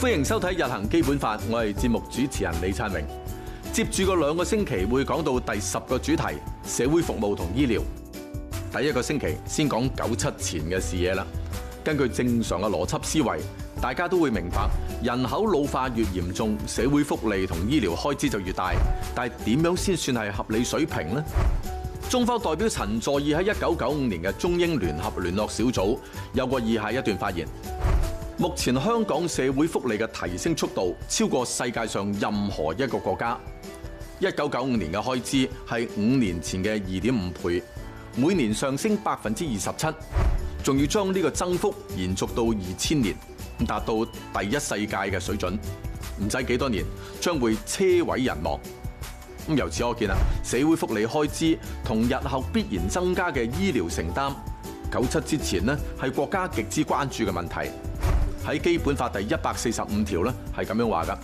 歡迎收睇《日行基本法》，我係節目主持人李燦榮。接住個兩個星期會講到第十個主題：社會服務同醫療。第一個星期先講九七前嘅視野啦。根據正常嘅邏輯思維，大家都會明白，人口老化越嚴重，社會福利同醫療開支就越大。但係點樣先算係合理水平呢？中方代表陳佐洱喺一九九五年嘅中英聯合聯絡小組有過以下一段發言。目前香港社會福利嘅提升速度超過世界上任何一個國家。一九九五年嘅開支係五年前嘅二點五倍，每年上升百分之二十七，仲要將呢個增幅延續到二千年，達到第一世界嘅水準。唔使幾多年，將會車毀人亡。由此可見啊，社會福利開支同日後必然增加嘅醫療承擔，九七之前呢係國家極之關注嘅問題。喺基本法第一百四十五條咧，係咁樣話，噶。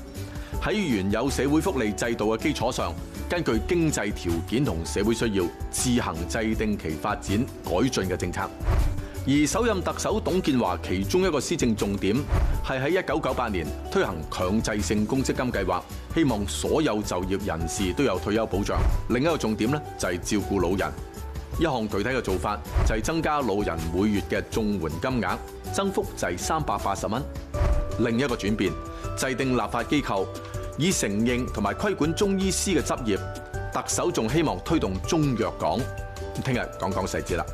喺原有社會福利制度嘅基礎上，根據經濟條件同社會需要，自行制定其發展改進嘅政策。而首任特首董建華其中一個施政重點，係喺一九九八年推行強制性公積金計劃，希望所有就業人士都有退休保障。另一個重點咧就係照顧老人。一項具體嘅做法就係增加老人每月嘅綜援金額，增幅就係三百八十蚊。另一個轉變，制定立法機構以承認同埋規管中醫師嘅執業。特首仲希望推動中藥港，聽日講講細節啦。